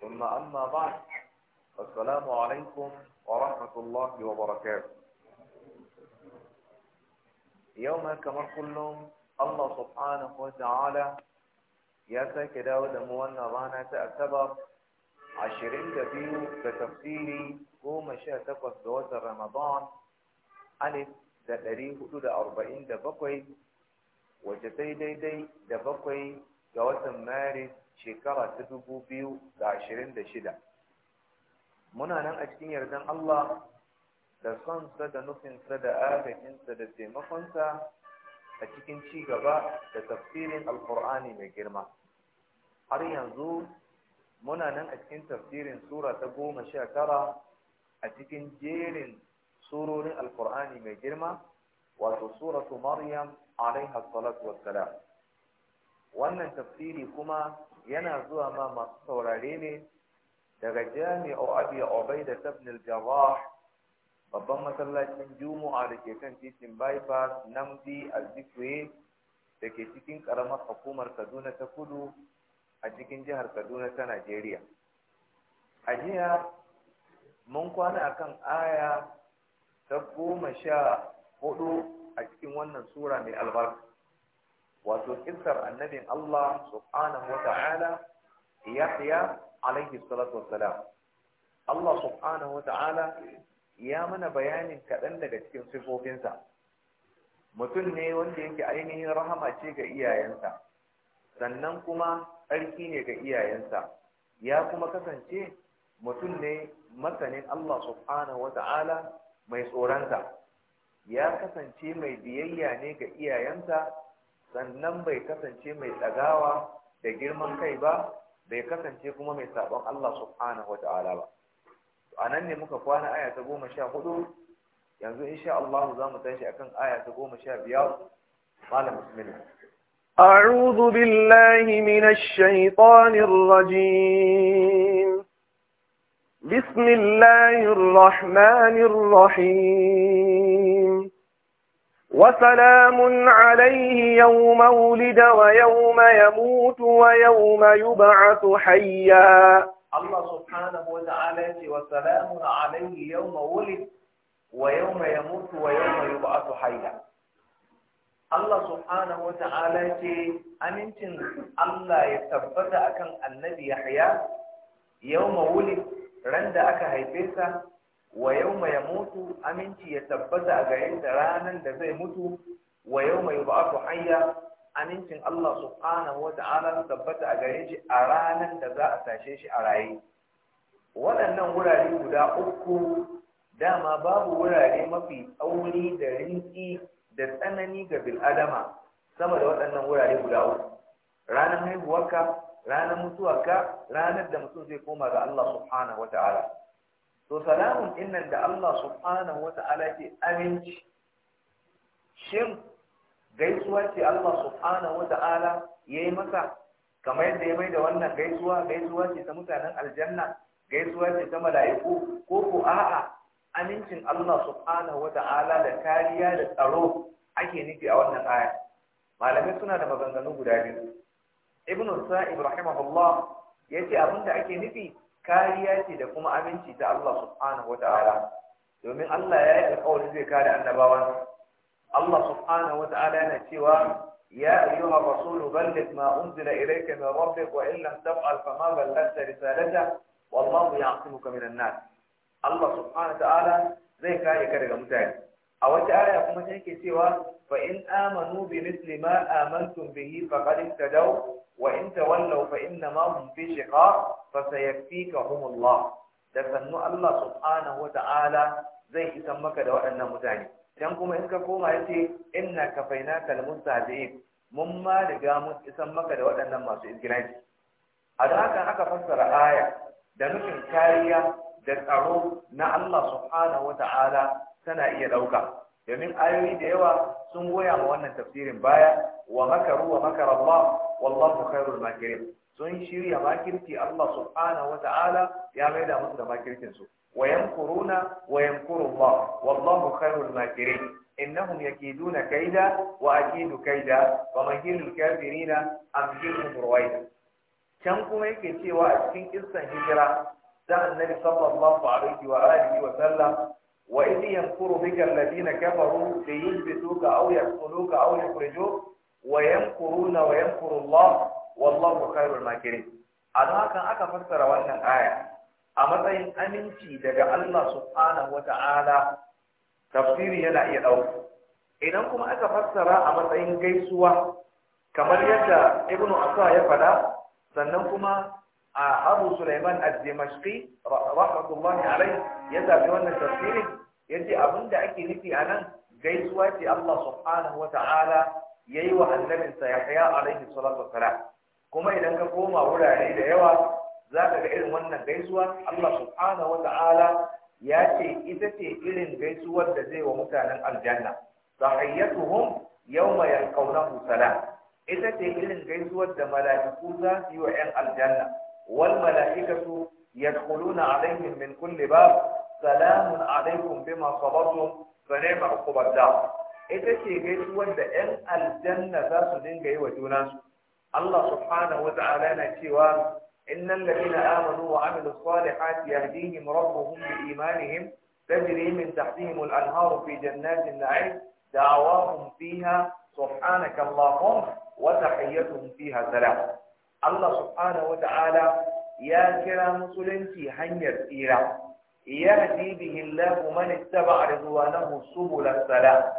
ثم أما بعد السلام عليكم ورحمة الله وبركاته يوم كما كلهم الله سبحانه وتعالى ياسك داود موانا بانا تأتبر عشرين دفيل بتفصيلي قوم شاتك الزواج رمضان ألف ذلري حدود أربعين دفقي وجتي دي دي دفقي مارس shekara ta dubu biyu da ashirin da shida muna nan a cikin yardan Allah da sonsa da nufinsa da agajinsa da taimakonsa a cikin ci gaba da tafsirin alkur'ani mai girma har yanzu muna nan a cikin tafsirin sura ta goma sha tara a cikin jerin surorin alkur'ani mai girma wato suratu maryam alaiha salatu wassalam wannan tafsiri kuma yana zuwa ma masu saurare ne daga jami'u abi Obai, da al babban masallacin juma'a da ke kan titin bypass namdi azikwe da ke cikin karamar hukumar kaduna ta kudu a cikin jihar kaduna ta najeriya a jiya mun kwana kan aya ta goma sha hudu a cikin wannan sura mai albarka wato kisar annabin Allah subhanahu wa ta'ala Yahya alaihi salatu wassalam Allah subhanahu wa ta'ala ya mana bayanin kaɗan daga cikin sifofinsa mutum ne wanda yake ainihin rahama ce ga iyayensa sannan kuma tsarki ne ga iyayensa ya kuma kasance mutum ne masanin Allah subhanahu wa ta'ala mai tsoronsa ya kasance mai biyayya ne ga iyayensa sannan bai kasance mai tsagawa da girman kai ba bai kasance kuma mai sabon Allah subhanahu wata'ala ba a nan ne muka kwana aya ta goma sha hudu yanzu insha Allah za mu tashi akan aya ta goma sha biyar malam bismillah أعوذ بالله من الشيطان الرجيم بسم الله الرحمن الرحيم وسلام عليه يوم ولد ويوم يموت ويوم يبعث حيا الله سبحانه وتعالى وسلام عليه يوم ولد ويوم يموت ويوم يبعث حيا Allah subhanahu wa ta'ala ce amincin Allah ya tabbata akan annabi Yahya yau mawuli ran da aka haife sa wa ya mutu, aminci ya tabbata a gare da ranan da zai mutu wa ba su hanya amincin Allah subhanahu wa ta'ala tabbata a gare shi a ranar da za a tashe shi a raye waɗannan wurare guda uku dama babu wurare mafi tsauri da rinki da tsanani ga bil'adama sama da waɗannan wurare guda uku ranar haihuwarka ranar mutuwarka ranar da mutum zai koma ga Allah subhanahu wa ta'ala to salamun innan da Allah subhanahu wa ta'ala ke aminci shin gaisuwa ce Allah subhanahu wa ta'ala yayi masa kamar yadda ya mai da wannan gaisuwa gaisuwa ce ta mutanen aljanna gaisuwa ce ta mala'iku ko ko a'a amincin Allah subhanahu wa ta'ala da kariya da tsaro ake nufi a wannan aya malamai suna da maganganu guda biyu ibnu sa'ib rahimahullah yace abinda ake nufi kariya ce da kuma aminci ta Allah subhanahu wata'ala domin Allah ya yi alƙawari zai kare annabawan Allah subhanahu wata'ala yana cewa ya ayyuha rasulu balligh ma unzila ilayka min rabbik wa in lam taf'al fa ma ballaghta risalata wallahu ya'simuka minan nas Allah subhanahu wata'ala zai kare ka daga mutane a wata aya kuma take cewa fa in amanu bi misli ma amantum bihi faqad ihtadaw wa in tawallaw fa inna ma hum fi shiqaq fa sayakfikahumullah da sannu Allah subhanahu wa ta'ala zai isan maka da waɗannan mutane dan kuma in ka koma yace inna kafainaka almustahzi'in mun ma riga mun isan maka da waɗannan masu izgiranci a da haka aka fassara aya da nufin kariya da tsaro na Allah subhanahu wa ta'ala tana iya ɗauka domin ayoyi da yawa sun goya ma wannan tafsirin baya wa makaru wa makar Allah wallahu khairul makirin sun shirya makirci Allah subhanahu wa ta'ala ya da musu da makircin su wa yankuruna wa yankuru Allah wallahu khairul makirin innahum yakiduna kaida wa akidu kaida wa mahilul kafirina amhilhum ruwaida can kuma yake cewa a cikin kissan hijira da annabi sallallahu alaihi wa alihi wa sallam وإذ يمكر بك الذين كفروا ليثبتوك أو يقتلوك أو يخرجوك ويمكرون ويمكر الله والله خير الماكرين a don hakan aka fassara wannan aya a matsayin aminci daga Allah subhanahu wa ta'ala tafsiri yana iya ɗauka idan kuma aka fassara a matsayin gaisuwa kamar yadda ibnu asa ya faɗa sannan kuma a abu sulaiman ad-dimashqi rahmatullahi alaihi ya zafi wannan tafsirin ya ce abin da ake nufi a nan gaisuwa ce Allah subhanahu wa ta'ala ya yi wa annabinsa ya kaya alaihi salatu wasala kuma idan ka koma wurare da yawa za ka ga irin wannan gaisuwa Allah subhanahu wa ta'ala ya ce ita ce irin gaisuwar da zai wa mutanen aljanna tahiyyatuhum yawma yalqawnahu salam ita ce irin gaisuwar da mala'iku za su yi wa 'yan aljanna wal mala'ikatu يدخلون عليهم من كل باب سلام عليكم بما صبرتم فنعم عقب الدار ita ce gaisuwar da 'yan aljanna za su dinga yi wa juna su Allah subhanahu wa ta'ala na cewa innal ladina amanu wa amilu salihati yahdihim rabbuhum bi imanihim tajri min tahtihim al anhar fi jannatin na'im da'awahum fiha subhanaka allahumma wa tahiyyatuhum fiha salam Allah subhanahu wa ta'ala ya kira musulunci hanyar tsira yahdi ita ba a rizuwa na subul Sala.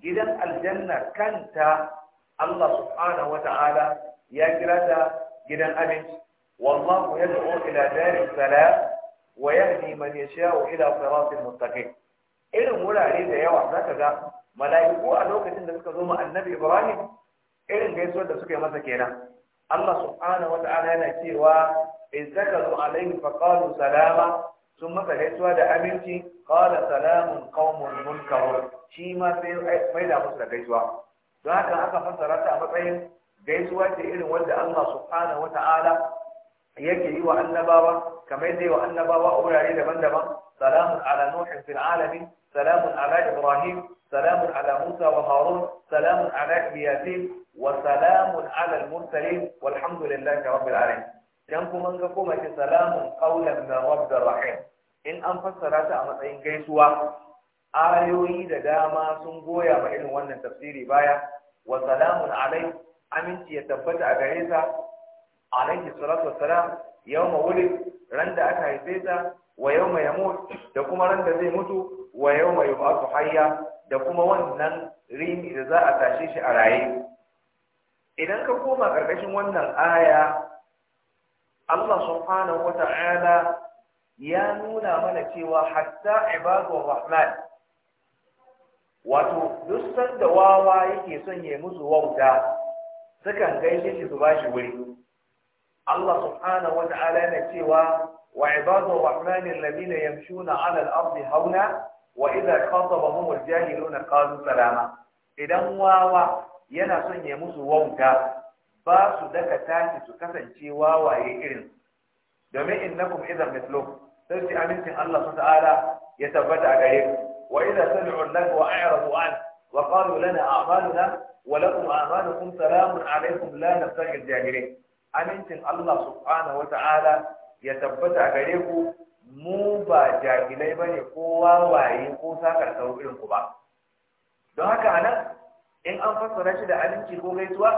gidan aljanna kanta Allah subhanahu Ta'ala ya kira ta gidan abinci wallahu yad'u ila daris Sala. wa yahdi man yasha'u ila siratil mustaqim irin wurare da yawa zaka ga mala'iku a lokacin da suka zo ma annabi Ibrahim irin gaisuwar da suka yi masa kenan Allah subhanahu wa ta'ala yana cewa in zo alaihi fa qalu salama sun masa gaisuwa da aminci qala salamun qaumun munkarun shi ma sai mai da musu da gaisuwa don haka aka fassara ta a matsayin gaisuwa ce irin wanda Allah subhanahu wa ta'ala yake yi wa annabawa kamar yadda yi wa annabawa a wurare daban-daban salamun ala nuhin fil alamin salamun ala ibrahim salamun ala musa wa harun salamun ala iyasin وسلام على المرسلين والحمد لله رب العالمين dan kuma ga kuma ce salamun qaulan min rabbir rahim in an fassara ta a matsayin gaisuwa ayoyi da dama sun goya ma irin wannan tafsiri baya wa salamun alai aminci ya tabbata a gare sa alaihi salatu wassalam yawma wulid ran da aka haife ta wa yawma yamut da kuma ran da zai mutu wa yawma yub'athu hayya da kuma wannan rini da za a tashe shi a raye idan ka koma ƙarƙashin wannan aya Allah subhanahu wa ta'ala ya nuna mana cewa hatta ibadu rahman wato duk sanda wawa yake son ya musu wauta sukan gaishe shi su bashi wuri Allah subhanahu wa ta'ala yana cewa wa ibadu rahman alladhina yamshuna 'ala al-ardi hauna wa idha khatabahum al-jahiluna qalu salama idan wawa yana son ya musu wanka ba su daka tashi su kasance wawaye irin domin innakum idan mithluhum sai amincin Allah subhanahu ta'ala ya tabbata a gare ku wa idza sami'u lakum wa a'radu an wa qalu lana a'maluna wa lakum a'malukum salamun alaykum la nabtaghi al amincin Allah subhanahu wata'ala ya tabbata a gare ku mu ba jahilai bane ko wawaye ko sakar saurin ku ba don haka anan in an fassara shi da aminci ko gaisuwa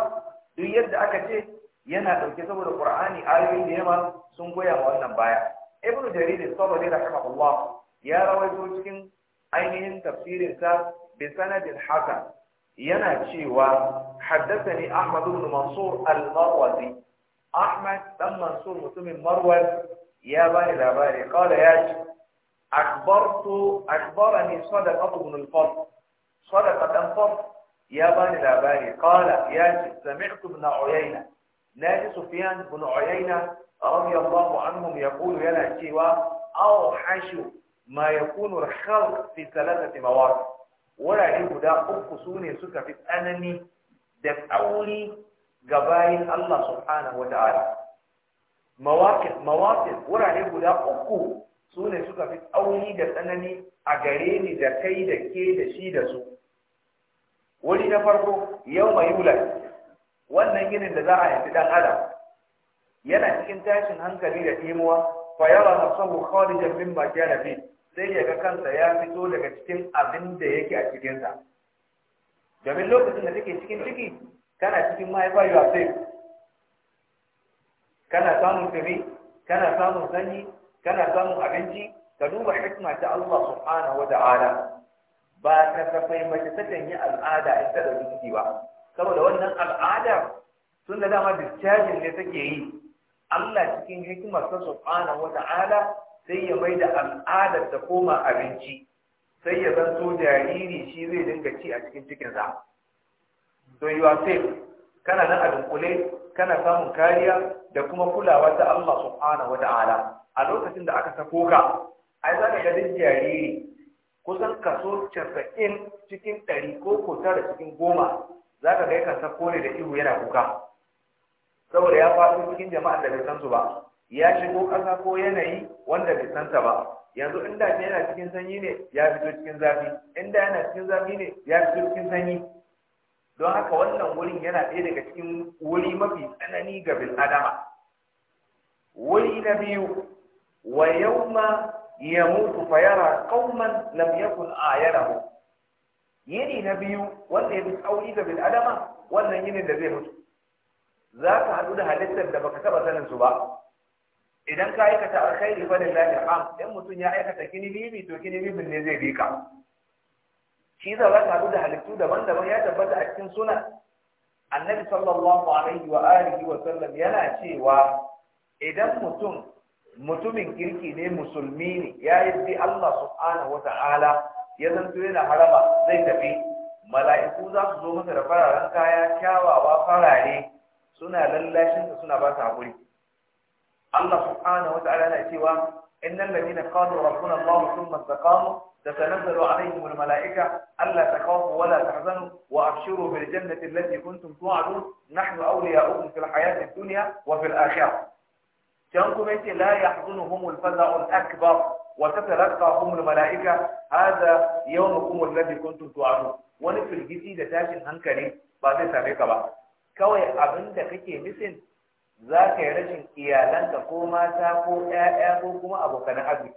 duk yadda aka ce yana dauke saboda qur'ani ayoyi da yawa sun goya ma wannan baya ibn jarir sabari rahimahullah ya rawaito cikin ainihin tafsirin sa bi sanadin hasan yana cewa haddathani ahmad ibn mansur al-marwazi ahmad dan mansur mutumin marwaz ya bani labari qala ya ce akbartu akbarani sadaqa ibn al-fadl sadaqa fadl ya ba ni labari qala ya ce sami'tu ibn uyayna na ji sufyan ibn uyayna radiyallahu anhum yaqulu yana cewa aw hashu ma yakunu al-khalq fi thalathati mawaqi wurare guda uku sune suka fi tsanani da tsauri ga bayin Allah subhanahu wata'ala mawaqif mawaqif wurare guda uku sune suka fi tsauri da tsanani a gare ni da kai da ke da shi da su wuri na farko yau mai yula wannan ginin da za a haifi dan adam yana cikin tashin hankali da imuwa fa yara nafsahu kharijan mimma kana fi sai ya ga kansa ya fito daga cikin abin da yake a cikin sa domin lokacin da take cikin ciki kana cikin mahaifa you are safe kana samun firi kana samun sanyi kana samun abinci ka duba hikma ta Allah subhanahu wa ta'ala ba ta kafai mace takan yi al'ada in ta ɗauki ciki ba saboda wannan al'ada tun da dama discharge ne take yi Allah cikin hikimar sa subhanahu wata'ala sai ya mai da al'adar ta koma abinci sai ya zanto jariri shi zai dinga ci a cikin cikinsa so you are safe kana nan a dunkule kana samun kariya da kuma kulawa ta Allah subhanahu wata'ala a lokacin da aka sako ka ai za ka ga duk jariri kusan kaso casa'in cikin ɗari ko kusa da cikin goma za ka gai kasa kone da ihu yana kuka saboda ya faɗo cikin jama'ar da bai san su ba ya shigo ƙasa ko yanayi wanda bai san ta ba yanzu inda yana cikin sanyi ne ya fito cikin zafi inda yana cikin zafi ne ya fito cikin sanyi don haka wannan wurin yana ɗaya daga cikin wuri mafi tsanani ga bil'adama wuri na biyu wa yau ma yamutu fa yara qauman lam yakun ayanahu yini na biyu wanda ya bi tsauri da bil adama wannan yini da zai mutu za ka haɗu da halittar da baka taɓa sanin su ba idan ka aikata alkhairi fa lillahi alham in mutum ya aikata kini bibi to kini bibin ne zai bi ka shi za ka haɗu da halittu daban-daban ya tabbata a cikin sunan annabi sallallahu alaihi wa alihi wa sallam yana cewa idan mutum mutumin kirki ne musulmi ne ya yi bi Allah subhanahu wata'ala ya zanto yana haraba zai tafi mala'iku za su zo masa da fararen kaya kyawawa farare suna lallashin suna ba ta haƙuri. Allah subhanahu wata'ala yana cewa innal ladina qalu rabbuna Allah thumma istaqamu تتنزل عليهم الملائكة wa تخافوا ولا تحزنوا وأبشروا بالجنة التي كنتم توعدون نحن أولياؤكم في duniya wa fil الآخرة can kuma yake la yahzunuhum al-faza'u al-akbar wa tatalaqahum al-mala'ika hadha yawmukum alladhi kuntum tu'adun wani firgici da tashin hankali ba zai same ka ba kawai abinda kake nufin za ka yi rashin iyalanka ko mata ko ƴaƴa ko kuma abokan arziki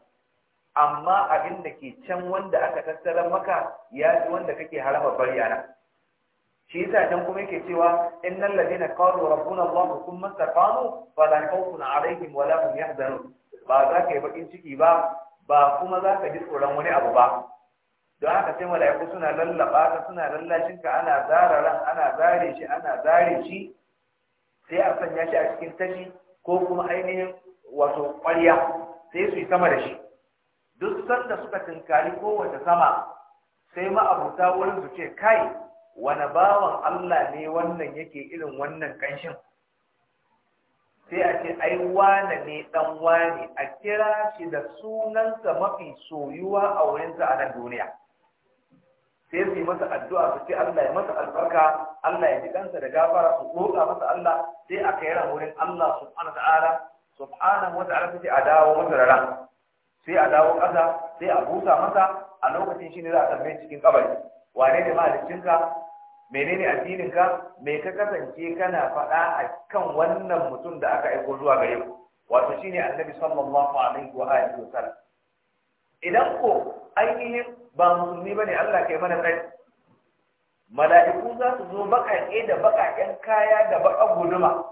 amma abin da ke can wanda aka tattara maka ya fi wanda kake haraba bari a shi yasa dan kuma yake cewa innal ladina qalu rabbuna allah thumma istaqamu fala khawfun alaihim wala hum yahzanun ba za ka yi bakin ciki ba ba kuma za ka ji tsoron wani abu ba don haka sai mala'iku suna lallaba ka suna lallashin ka ana zara ana zare shi ana zare shi sai a sanya shi a cikin tashi ko kuma ainihin wato ƙwarya sai su yi sama da shi duk sanda suka tinkari kowace sama sai ma'abuta wurin su ce kai wani bawan Allah ne wannan yake irin wannan kanshin sai a ce ai wane ne dan wane a kira shi da sunansa mafi soyuwa a wurinsa a nan duniya sai su yi masa addu'a su ce Allah ya masa albarka Allah ya ji kansa da gafara su roƙa masa Allah sai a kai ran wurin Allah subhanahu ta'ala subhanahu wa ta'ala sai a dawo masa da sai a dawo ƙasa sai a busa masa a lokacin shi ne za a tambaye cikin kabari wane ne ka? menene addininka me ka kasance kana faɗa a kan wannan mutum da aka aiko zuwa gare ku wato shine annabi sallallahu alaihi wa alihi wa sallam idan ko ainihin ba musulmi bane Allah kai mana sai mala'iku za su zo baƙaƙe da baƙaƙen kaya da baka guduma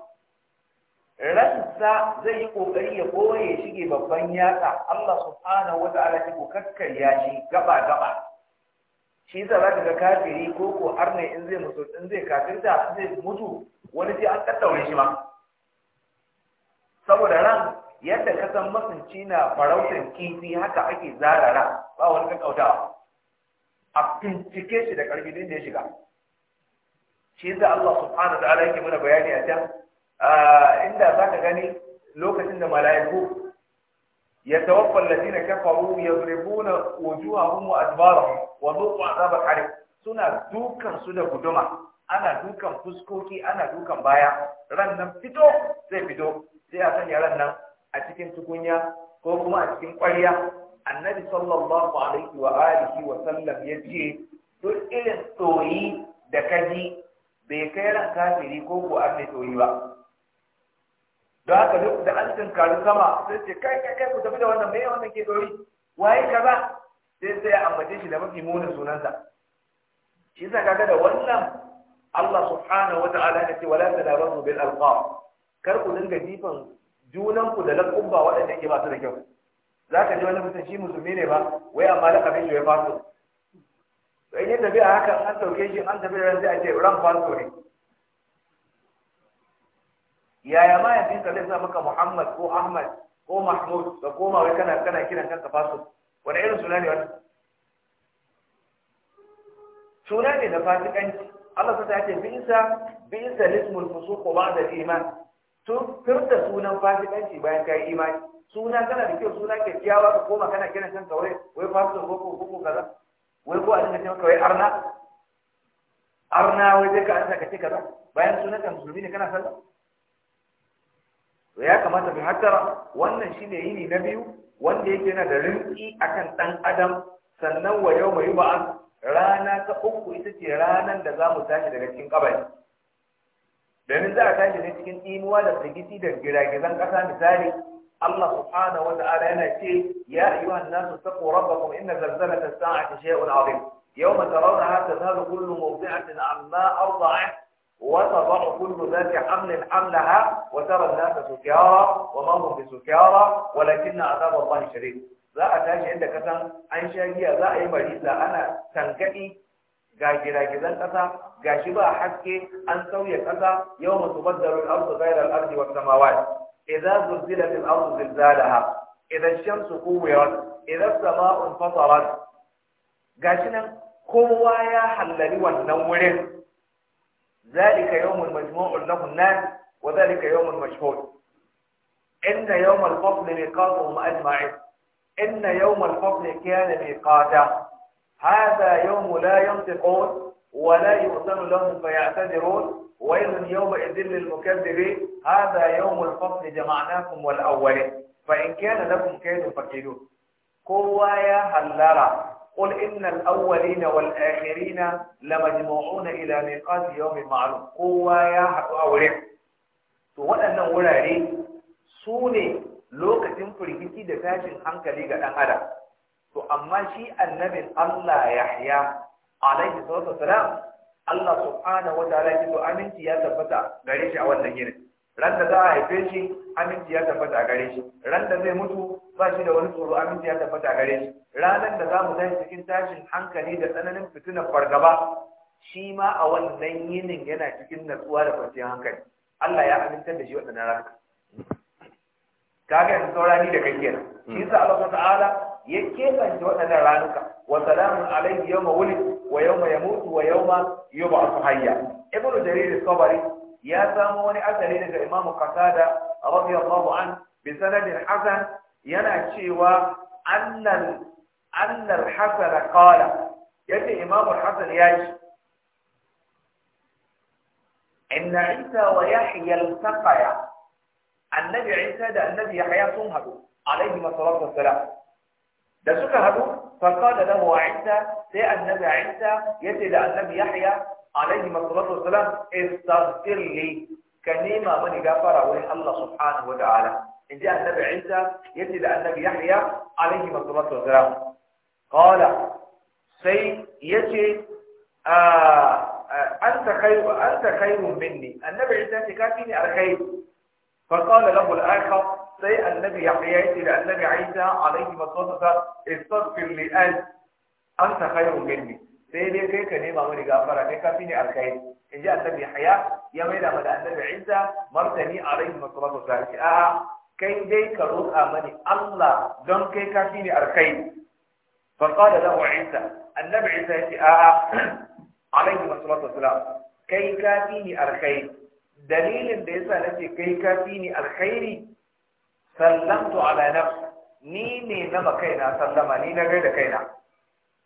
ransa zai yi ƙoƙari ya koye shige babban yatsa Allah subhanahu wa ta'ala ya kokkarya shi gaba gaba shi yasa zaka ga kafiri ko ko arne in zai mutu in zai kafirta zai mutu wani sai an kaddaure shi ma saboda ran yadda ka san masunci na farautar kifi haka ake zarara ba wani kauta a bincike shi da karfi din da ya shiga shi yasa Allah subhanahu wa ta'ala yake mana bayani a can ah, inda za ka gani lokacin da mala'iku يتوفى الذين كفروا يضربون وجوههم وأدبارهم وذوقوا عذاب الحريق suna dukan su da guduma ana dukan fuskoki ana dukan baya ran nan fito zai fito sai a sanya ran nan a cikin tukunya ko kuma a cikin ƙwarya annabi sallallahu alaihi wa alihi wa sallam ya ce duk irin tsoyi da kaji bai kai ran kafiri ko ko an tsoyi ba da haka duk da an tunkari sama sai ce kai kai kai ku tafi da wannan me wannan ke dori waye kaza sai sai ya ambace shi da mafi munin sunansa shi yasa kaga da wannan Allah subhanahu wata'ala ya ce wala tadabaru bil alqab kar ku dinga jifan junan ku da laƙumba waɗanda yake ba su da kyau za ka ji wani mutum shi musulmi ne ba wai amma lakabin shi ya faso in yi tafiya haka an ɗauke shi an tafi da sai a ce ran faso ne yaya mahaifinka zai sa maka Muhammad ko Ahmad ko Mahmud ka koma wai kana kana kiran kanka fasu wani irin suna ne wani? suna ne na fasikanci Allah sai ya ce bi isa lismul fusuq ba'da iman to firta sunan fasikanci bayan kai imani suna kana da kyau suna kyakkyawa ka koma kana kiran kanka wai wai fasu ko ko ko kaza wai ko a dinga cewa wai arna arna wai dai ka an saka ce kaza bayan sunan kan musulmi ne kana sallah to ya kamata mu hattara wannan shine yini na biyu wanda yake yana da rinki akan dan adam sannan wa yau mai ba'an rana ta uku ita ce ranan da za mu tashi daga cikin kabari domin za a tashi ne cikin imuwa da firgiti da giragizan ƙasa misali Allah subhanahu wa ta'ala yana ce ya ayyuhan nasu taqu rabbakum inna zalzalata as-sa'ati shay'un 'azim yawma tarawnaha tadhhalu kullu mawdi'atin amma arda'at وتضع كل ذات حمل حملها وترى الناس سكارى وما هم بسكارى ولكن عذاب الله شديد za a tashi yadda ka an sha giya za a yi bariza ana tankaɗi ga giragizan ƙasa ga shi ba haske an sauya ƙasa yau masu baddarun arzu gairar arzi wa samawa idan zulzila fil arzu zilzalaha idan shamsu kuwiyar idan sama'un fasarar ga shi nan kowa ya hallari wannan wurin ذلك يوم مجموع له الناس وذلك يوم مشهود إن يوم الفصل ميقاتهم أجمعين إن يوم الفصل كان ميقاتا هذا يوم لا ينطقون ولا يؤتن لهم فيعتذرون يوم يومئذ للمكذبين هذا يوم الفصل جمعناكم والأولين فإن كان لكم كيد فكيدون قوايا هلرا قل إن الأولين والآخرين لمجموعون إلى ميقات يوم معلوم قوة يا حق أولين وأنا ولاري سوني lokacin firgici da tashin hankali ga ɗan adam to amma shi annabin Allah Yahya alaihi salatu wasalam Allah subhanahu wata ta'ala ya aminci ya tabbata gare shi a wannan yinin ran da za a haife shi aminci ya tabbata a gare shi ran da zai mutu ba shi da wani tsoro aminci ya tabbata a gare shi ranar da za mu tashi cikin tashin hankali da tsananin fitinar fargaba shi ma a wannan yinin yana cikin natsuwa da kwanciyar hankali Allah ya amintar da shi waɗannan ranar kaga yanzu saurani da kai kenan hmm. shi yasa Allah ta'ala ya kebance waɗannan ranuka wa salamun alayhi yawma wulid wa yawma yamutu wa yawma yub'athu hayya ibnu jarir al-tabari يا ساموني أسهل إذا إمام قتادة رضي الله عنه بسند حسن ينأشيوا وأن أن الحسن قال يأتي إمام الحسن ياش إن عيسى ويحيى التقيا النبي عيسى ده النبي يحيى صمهد عليه الصلاة والسلام ده سكهد فقال له عيسى سيء النبي عيسى يأتي يدي النبي يحيى عليه الصلاه والسلام استغفر لي كنيما من غفر وله الله سبحانه وتعالى ان جاء النبي عيسى يجي النبي يحيى عليه الصلاه والسلام قال سي يجي آه، آه، انت خير انت خير مني النبي عيسى كافيني اركيب فقال له الاخر سي النبي يحيى يجي النبي عيسى عليه الصلاه والسلام استغفر لي انت خير مني sai dai kai ka nema mani gafara kai ka ne alkhairi in ji annabi haya ya mai da mada annabi isa martani a rai masalatu sarki a kai dai ka roƙa mani allah don kai ka ne alkhairi fa qala lahu isa annabi isa ya ce a a masu masalatu wasalam kai ka ne alkhairi dalilin da yasa nace kai ka ne alkhairi sallamtu ala nafsi ni ne na kaina sallama ni na gaida kaina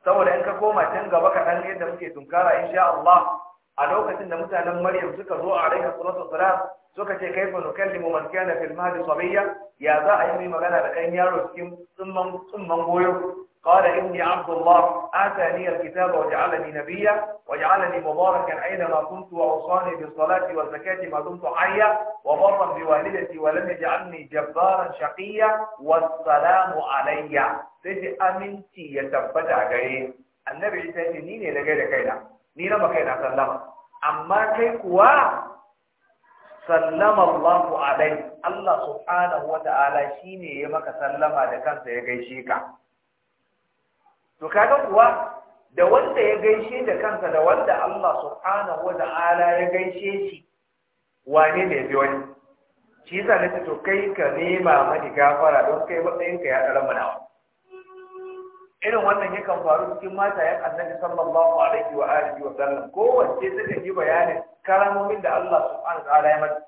saboda in ka koma can gaba kaɗan yadda muke tunkara insha Allah a lokacin da mutanen Maryam suka zo a rayuwar salatu salam suka ce kaifa nukallimu man kana fil mahdi sabiyya ya za a yi mai magana da ɗan yaro cikin tsumman tsumman goyo قال إني عبد الله آتاني الكتاب وجعلني نبيا وجعلني مباركا أينما كنت وأوصاني بالصلاة والزكاة ما دمت حيا وبرا بوالدتي ولم يجعلني جبارا شقيا والسلام علي سيدي أمنتي يتبتع غيري النبي عيسى ني ne na gaida kaina ni na makaina sallama amma kai kuwa sallama Allahu alai Allah subhanahu wa ta'ala shine ya maka sallama da kansa ya gaishe ka to kaga kuwa da wanda ya gaishe da kansa da wanda Allah subhanahu wata'ala ya gaishe shi wane ne bi wani shi yasa nake to kai ka nema mani gafara don kai matsayin ka ya karama na irin wannan yakan faru cikin mata ya annabi sallallahu alaihi wa alihi wa sallam kowace suka yi bayanin karamomin da Allah subhanahu wata'ala ya mata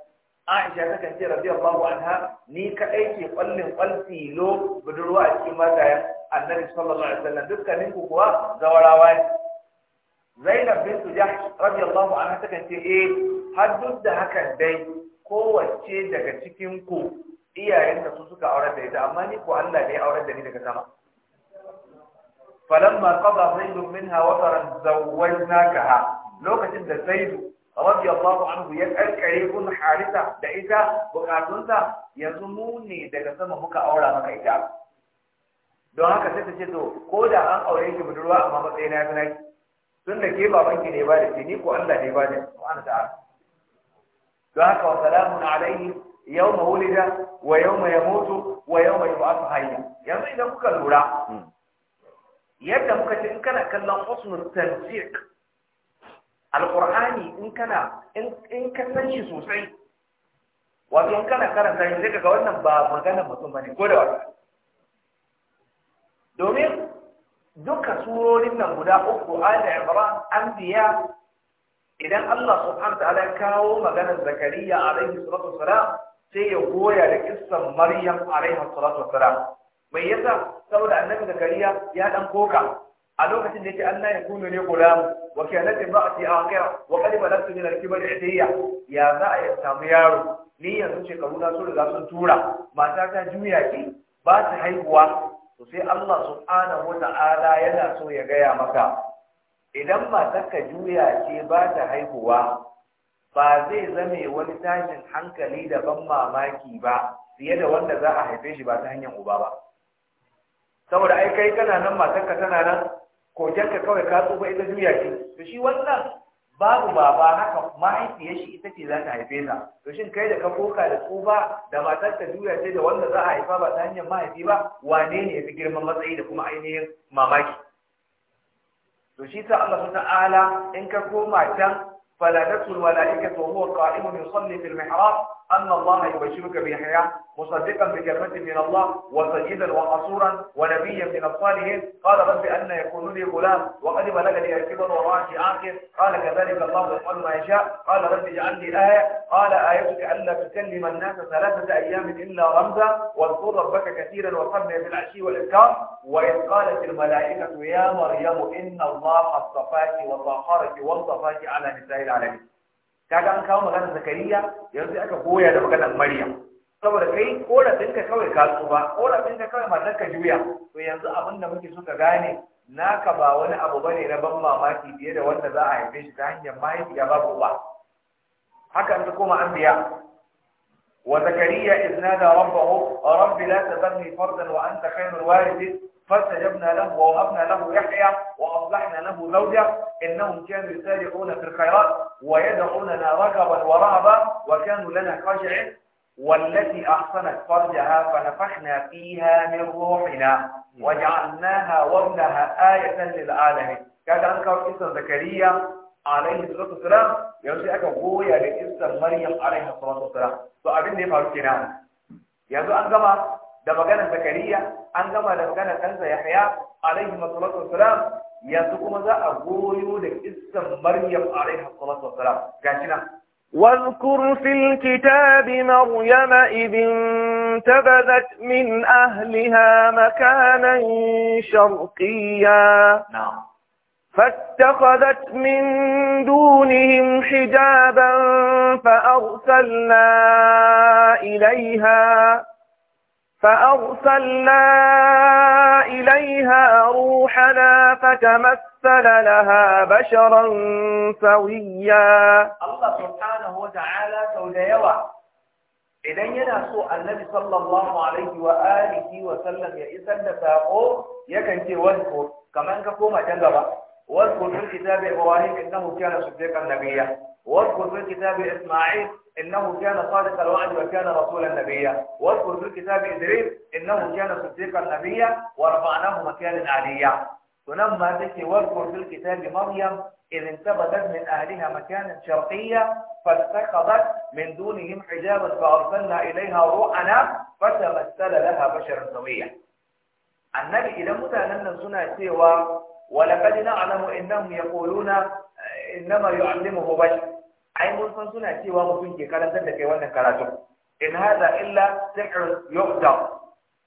Aisha ta kan ce radiyallahu anha ni kadai ke kwallin kwalfilo budurwa a cikin mata annabi sallallahu alaihi wasallam dukkanin ku kuwa zawarawa ne Zainab bintu Jahsh radiyallahu anha ta ce eh har duk da haka dai kowace daga cikin ku iyayenta su suka aurar da ita amma ni ko Allah ne aurar da ni daga sama falamma qada zaid minha wataran zawwajnakaha lokacin da zaid radiyallahu anhu ya karkare kun harita da ita bukatunta yanzu mu ne daga sama muka aura maka ita don haka sai ta ce to ko da an aure ki budurwa amma matsayin na yana ki tun da ke babanki ne ba da ke ni ko Allah ne ba da subhanahu ta'ala don haka wa salamun alaihi yawma wulida wa yawma yamutu wa yawma yub'athu hayya yanzu idan kuka lura hmm. yadda muka ce in kana kallon husnul tansiq alqur'ani in kana in ka san shi sosai wato in kana karanta shi sai kaga wannan ba magana mutum bane ko da wata domin duka surorin nan guda uku ala imran anbiya idan Allah subhanahu ta'ala ya kawo maganar zakariya alaihi salatu wassalam sai ya goya da kissan maryam alaihi salatu wassalam bai yasa saboda annabi zakariya ya dan koka a lokacin da yake Allah ya kuno ne gulam wa kanat imraati aqira wa qad balagtu min al-kibar ihtiya ya za a samu yaro ni yanzu shekaru na so da sun tura mata ta juya ki ba ta haihuwa to sai Allah subhanahu wata'ala yana so ya gaya maka idan matarka juya ce ba ta haihuwa ba zai zame wani tashin hankali da ban mamaki ba fiye da wanda za a haife shi ba ta hanyar uba ba saboda ai kai kana nan matarka tana nan kokenka kawai ka tsufa ita juya ce to shi wannan babu baba haka mahaifiyarshi ita ce za ta haife ta to shin kai da ka koka da tsufa da matar ta juya ce da wanda za a haifa ba ta hanyar mahaifi ba wane ne ya fi girman matsayi da kuma ainihin mamaki to shi sa Allah ta'ala in ka koma can فلادته الملائكة وهو قائم يصلي في المحراب أن الله يبشرك بيحيى مصدقا بكلمة من الله وسيدا وقصورا ونبيا من الصالحين قال رب أن يكون لي غلام وقد لي الكبر ورأتي آخر قال كذلك الله يفعل ما يشاء قال رب اجعل لي آية قال آيتك ألا تكلم الناس ثلاثة أيام إلا رمزا واذكر ربك كثيرا وسبح بالعشي والإذكار وإذ قالت الملائكة يا مريم إن الله اصطفاك وطهرك والصفاك على نساء rabbil alamin kaga an kawo maganar zakariya yanzu aka goya da maganar maryam saboda kai korafin ka kawai ka tsuba korafin ka kawai mallar ka juya to yanzu abin da muke so ka gane naka ba wani abu bane na ban mamaki fiye da wanda za a haife shi ta hanyar mahaifiya babu ba haka an koma anbiya wa zakariya iz nada rabbahu rabbi la tadhni fardan wa anta khayrul warithin fastajabna lahu wa habna lahu yahya وأصلحنا له زوجة إنهم كانوا يسارعون في الخيرات ويدعوننا رغبا ورهبا وكانوا لنا خاشعين والتي أحصنت فرجها فنفخنا فيها من روحنا وجعلناها وابنها آية للعالمين كذا أنكر قصة زكريا عليه الصلاة والسلام yanzu aka goya مريم عليه الصلاة والسلام salatu فاركنا to abin da ya faru زكريا yanzu an كانت انسى يحيى عليهما الصلاه والسلام yanzu kuma za a goyo da kissan Maryam alaiha salatu wassalam gashi na واذكر في الكتاب مريم إذ انتبذت من أهلها مكانا شرقيا نعم. فاتخذت من دونهم حجابا فأرسلنا إليها فأرسلنا إليها روحنا فتمثل لها بشرا سويا الله سبحانه وتعالى yawa, idan yana so annabi sallallahu alaihi wa wa sallam ya isa da sako yakan ce wani ko kaman ka koma gaba واذكر في الكتاب إبراهيم إنه كان صديقا نبيا واذكر في الكتاب إسماعيل إنه كان صادق الوعد وكان رسولا نبيا واذكر في الكتاب إدريس إنه كان صديقا نبيا ورفعناه مكانا عليا ثم ذكي واذكر في الكتاب مريم إذ انتبذت من أهلها مكانا شرقيا فاتخذت من دونهم حجابا فأرسلنا إليها روحنا فتمثل لها بشرا سويا النبي إذا متى لم ننسنا سوى ولقد نعلم انهم يقولون انما يعلمه بشر ai mun suna cewa mutum ke karantar da kai wannan karatu in hadha illa sihr yuqda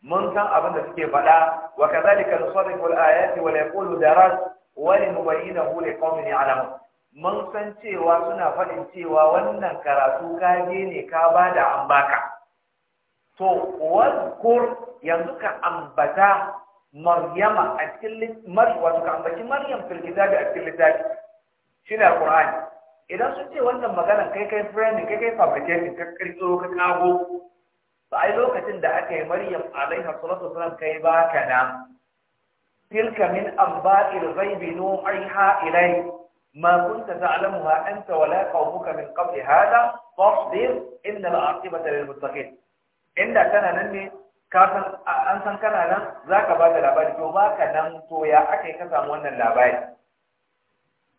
mun san abin da suke faɗa wa kadhalika nusarrifu al-ayati wa yaqulu daras wa limubayyinahu liqaumin ya'lamun mun san cewa suna faɗin cewa wannan karatu ka je ne ka bada an baka to kur yanzu ka ambata مريم أكل مر وتكان بجي مريم في الكتاب أكل ذلك شنو القرآن إذا سنت وانا مثلا كي كي فرند كي كي فابريكيت كي كي تلو كي كاهو فأيلو كتن دعك مريم عليها الصلاة والسلام كي باكنا تلك من أنباء الغيب نوحيها إليه ما كنت تعلمها أنت ولا قومك من قبل هذا فاصبر إن العاقبة للمتقين إن كان نمي kafin an san kana nan za ka ba da labari to ba ka nan to ya aka yi ka samu wannan labari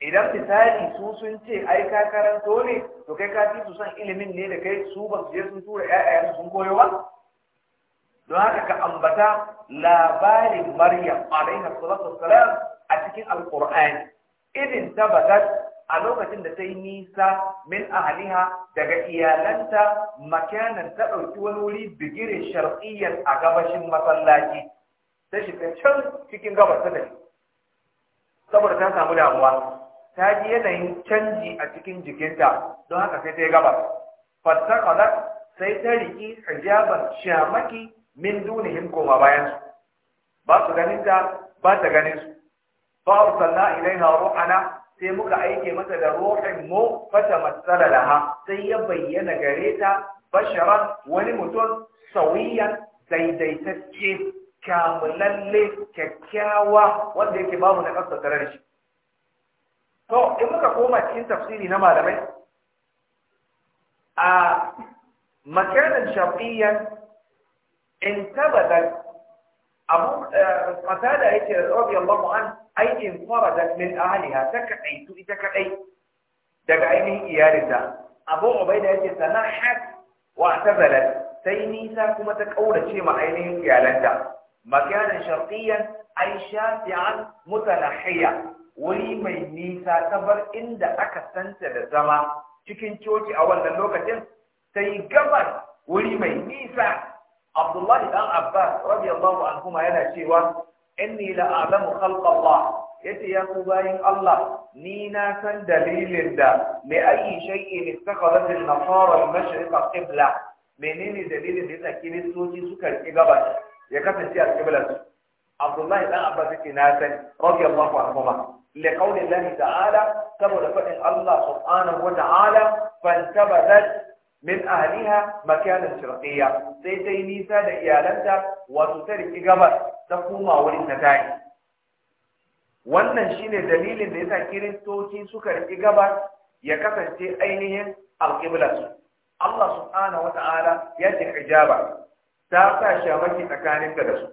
idan misali su sun ce ai ka karanto ne to kai ka fi su san ilimin ne da kai su ba su je sun tura ƴaƴayen sun koyo ba don haka ka ambata labarin maryam alaiha salatu wassalam a cikin alqur'ani idin tabbatar. a lokacin da ta yi nisa min ahaliha daga iyalanta makanan ta ɗauki wani wuri bigire shar'iyyar a gabashin masallaci ta shiga can cikin gabar ta saboda ta samu damuwa ta ji yanayin canji a cikin jikinta don haka sai ta yi gabar fattakalar sai ta riƙi hijabar shamaki min dunihim koma bayan su ba su ganin ta ba ta ganin su fa arsalna ilaiha ruhana sai muka aike mata da ruhin mu fata matsala laha sai ya bayyana gare ta basharan wani mutum sauyiyan daidaitacce kamulalle kyakkyawa wanda yake babu na ƙasa tare shi to in muka koma cikin tafsiri na malamai a makanan shafiyan in tabbatar abu qatada yake radiyallahu anhu ai in faradat min ahliha ta kadai ita kadai daga ainihin iyalinta abu ubaida yake sanahat wa tazalat sai nisa kuma ta kaurace ma ainihin iyalanta makanan sharqiyyan ai shafi'an mutanahiya wuri mai nisa ta bar inda aka santa da zama cikin coci a wannan lokacin sai gabar wuri mai nisa Abdullahi dan Abbas radiyallahu anhu yana cewa inni la'alamu khalqallah yace ya ku bayin Allah ni na san dalilin da me ayi shay'in istakhadhat an-nasara al-mashriq qibla menene dalilin da yasa kiristoci suka rike gabas ya kasance a qibla su Abdullahi dan Abbas yake na san radiyallahu anhu ma li qawli Allah ta'ala saboda fadin Allah subhanahu wa ta'ala fantabadat min ahliha makanan shirqiyya sai ta yi nisa da iyalanta wato ta riki gabas ta koma wurin ta tayi wannan shine dalilin da yasa kiristoci suka riki gabas ya kasance ainihin alqiblas Allah subhanahu wata'ala ya ce ijaba ta sa shamaki tsakaninta da su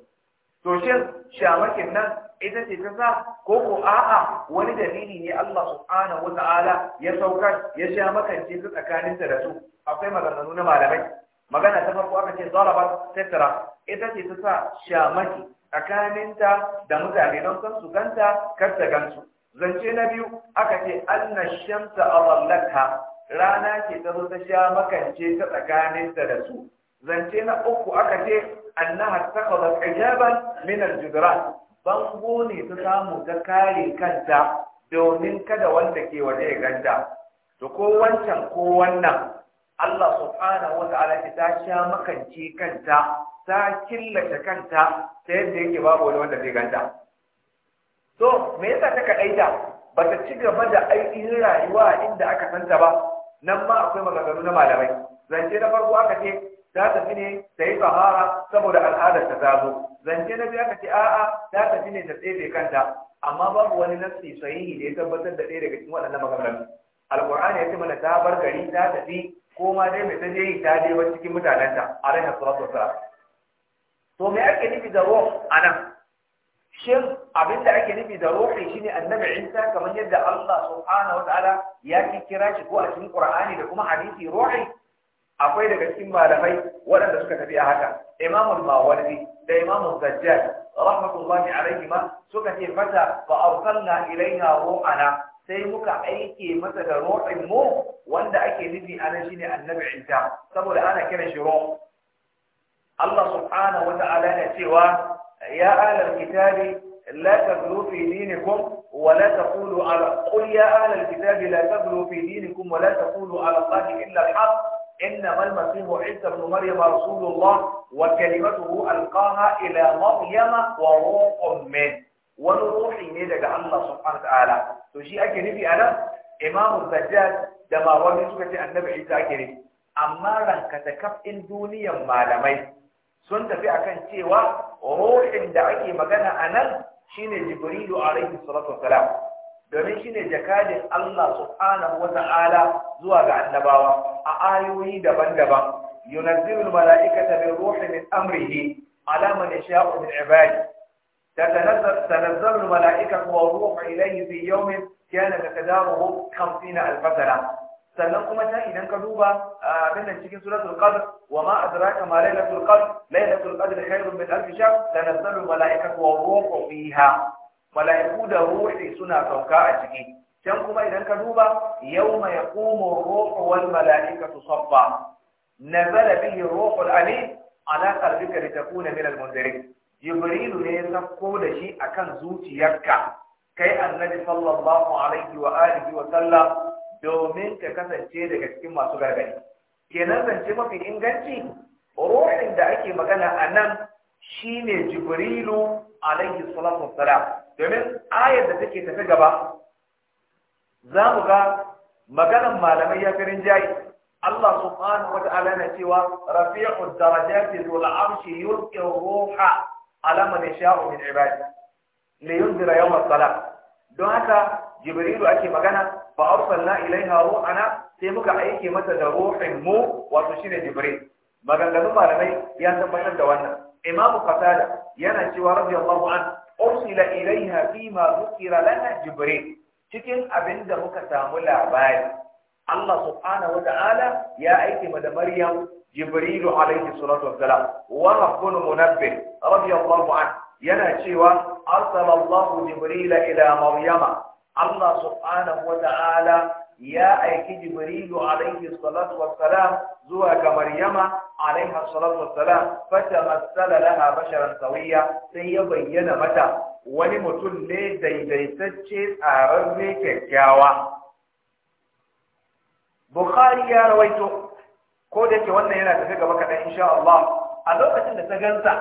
to shin shamakin nan ita ce ta sa ko ko a'a wani dalili ne Allah subhanahu wa ta'ala ya saukar ya sha makance su tsakanin da su akwai maganganu na malamai magana ta farko aka ce zalabat tattara ita ce ta sa shamaki tsakaninta da mutane don san su ganta kar ta gansu zance na biyu aka ce anna shamsa adallatha rana ce ta zo ta sha makance ta tsakaninta da su zance na uku aka ce annaha takhadhat ijaban min al-judran bango ne ta samu ta kare kanta domin kada wanda ke waje ya ganta to ko wancan ko wannan Allah subhanahu wata'ala ta sha makanci kanta ta killace kanta ta yadda yake babu wani wanda zai ganta to me yasa ta kaɗaita ba ta ci gaba da aikin rayuwa inda aka santa ba nan ma akwai maganganu na malamai zance na farko aka ce ta tafi ne ta yi fahara saboda al'adar ta zazo zance na biya ka ce a'a ta tafi ne ta tsefe kanta amma babu wani nassi sahihi da ya tabbatar da ɗaya daga cikin waɗannan maganganun alqur'ani ya ce mana ta bar gari ta tafi ko ma dai mai ta je yi ta je wani cikin mutanenta a rai salatu wassalam to me ake nufi da ruh anan shin abin da ake nufi da ruhi shine annabi Isa kamar yadda Allah subhanahu wataala ya kira shi ko a cikin Qur'ani da kuma hadisi ruhi akwai daga cikin malamai waɗanda suka tafi a haka imamul mawardi da imamul zajjaj rahmatullahi alaihi ma suka ce mata fa arsalna ilaiha ru'ana sai muka aike mata da ru'in mu wanda ake nufi anan shine annabi Isa saboda ana kiran shi ruh Allah subhanahu wa ta'ala cewa ya ahlal kitabi لا تغلوا في دينكم ولا ala على قل يا أهل الكتاب لا تغلوا في دينكم ولا تقولوا على الله إلا الحق إنما المسيح عيسى بن مريم رسول الله وكلمته ألقاها إلى مريم وروح منه ونروح إليه لك الله سبحانه وتعالى تشيء أكنبي أنا إمام الزجاج دما ومن سكة النبي عيسى أكنبي أما لن كتكف إن دونيا ما لمي سنت في أكن سوى روح دعي مغنى أنا شين جبريل عليه الصلاة والسلام domin shi ne jakadin Allah subhanahu wa ta'ala zuwa ga annabawa a ayoyi daban-daban yunazzilu mala'ikata bi ruhi min amrihi ala man yasha'u min ibadi تتنزل تنزل الملائكة والروح إليه في يوم كان مقداره 50000 سنة sannan kuma ta idan ka duba abin nan cikin suratul qadr wa ma adraka ma lailatul qadr lailatul qadr khairun min alf shahr tanazzalu malaikatu wa ruhu fiha mala'iku da ruhi suna sauka a ciki can kuma idan ka duba yawma yaqumu ruhu wal mala'ikatu saffa nazala bihi ruhu al alim ala qalbika litakuna min al munzirin jibrilu ne ya sako da shi akan zuciyarka kai annabi sallallahu alaihi wa alihi wa sallam domin ka kasance daga cikin masu gargadi kenan zance mafi inganci ruhin da ake magana a nan shine jibrilu alaihi salatu wassalam domin ayar da take tafi gaba za mu ga maganan malamai ya firin jayi Allah subhanahu wa ta'ala yana cewa rafi'u darajati dhul arshi yulqi ruha ala man yasha'u min ibadi li yunzira yawm al-salam don haka jibrilu ake magana fa arsalna ilaiha ruhana sai muka aike mata da ruhin mu wato shine jibril maganganun malamai ya tabbatar da wannan Imamu qatada yana cewa radiyallahu anhu أرسل إليها فيما ذكر لنا جبريل cikin abin da muka samu labari Allah subhanahu wa ta'ala ya aiki da Maryam Jibrilu alaihi salatu wa salam. wa rabbul munabbih radiyallahu an yana cewa arsala Allah Jibril ila Maryama Allah subhanahu wa ta'ala ya aiki Jibrilu alaihi salatu wa salam zuwa ga Maryama alaiha salatu wassalam fatamassala laha basharan sawiya sai ya bayyana mata wani mutum ne daidaitacce tsararre kyakkyawa bukhari ya rawaito ko yake wannan yana tafi gaba kaɗan insha Allah a lokacin da ta gansa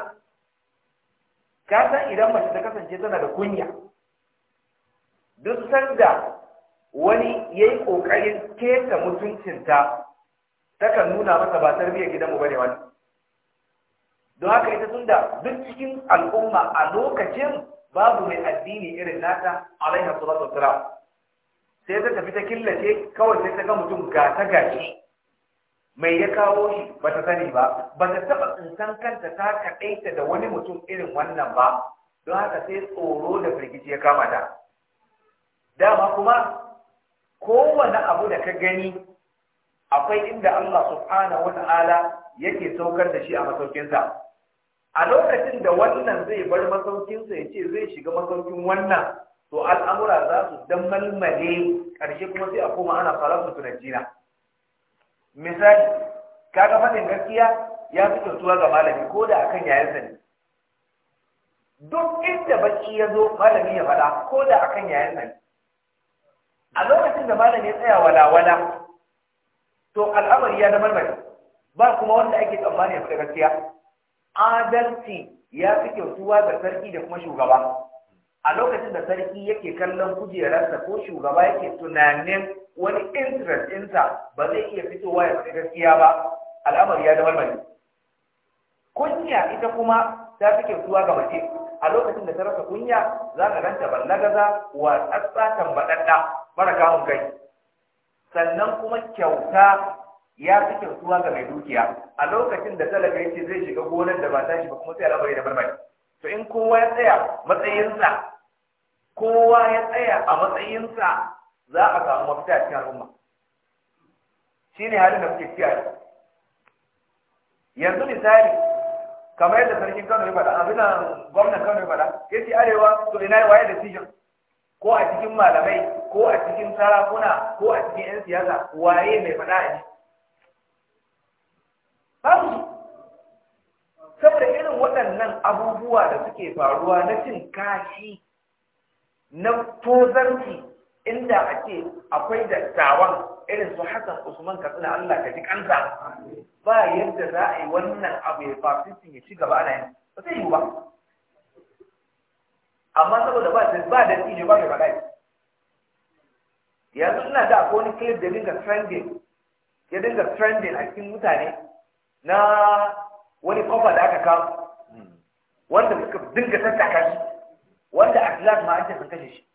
ka san idan mace ta kasance tana da kunya duk sanda wani ya yi ƙoƙarin keta mutuncinta takan nuna masa ba tarbiyyar gidanmu bane wani don haka ita da duk cikin al'umma a lokacin babu mai addini irin nata alaiha salatu wa sai ta tafi ta killace kawai sai ta ga mutum ga ta gashi mai ya kawo shi ba ta sani ba ba ta taɓa tsinsan kanta ta kaɗaita da wani mutum irin wannan ba don haka sai tsoro da firgici ya kama ta dama kuma kowane abu da ka gani akwai inda Allah subhanahu Ta'ala yake saukar da shi a masaukinsa a lokacin da wannan zai bar masaukinsa ya ce zai shiga masaukin wannan to al'amura za su dammalmale ƙarshe kuma sai a koma ana fara su tunajina misali kaga faɗin gaskiya ya fi kyautuwa ga malami ko da akan yayansa ne duk inda baki ya zo malami ya faɗa ko da akan yayansa ne a lokacin da malami ya tsaya wala-wala to al'amari ya zama mai ba kuma wanda ake tsammani ya fita gaskiya adalci ya fi kyautuwa ga sarki da kuma shugaba a lokacin da sarki yake kallon kujerarsa ko shugaba yake tunanin wani interest ɗinsa ba zai iya fitowa ya fita gaskiya ba al'amari ya zama mai kunya ita kuma ta fi kyautuwa ga mace a lokacin da ta rasa kunya za ka ranta ballagaza wa tsatsa tambaɗaɗɗa mara kamun kai sannan kuma kyauta ya fi kyautuwa ga mai dukiya a lokacin da talaka yake zai shiga gonar da ba ta shi ba kuma sai alabari da marmari to in kowa ya tsaya matsayinsa kowa ya tsaya a matsayinsa za a samu mafita a cikin al'umma shine halin da muke ciyar. yanzu misali kamar yadda sarkin Kano ya faɗa abin da gwamnan Kano ya faɗa yace arewa to ina waye da tijan ko a cikin malamai ko a cikin sarakuna ko a cikin 'yan siyasa waye mai faɗa a babu saboda irin waɗannan abubuwa da suke faruwa na cin kashi na tozarci inda ake akwai da dattawan irin su Hassan usman katsina allah ka ji kansa ba yadda za a yi wannan abu ya fafisin ya ci gaba ana yanzu. ba zai yi ba amma saboda ba da ba da ne ba ba bala'i yanzu ina da ko ni clip da dinga trending ya dinga trending a cikin mutane na wani kofa da aka kawo wanda suka dinga tattaka shi wanda a class ma ake san kashe shi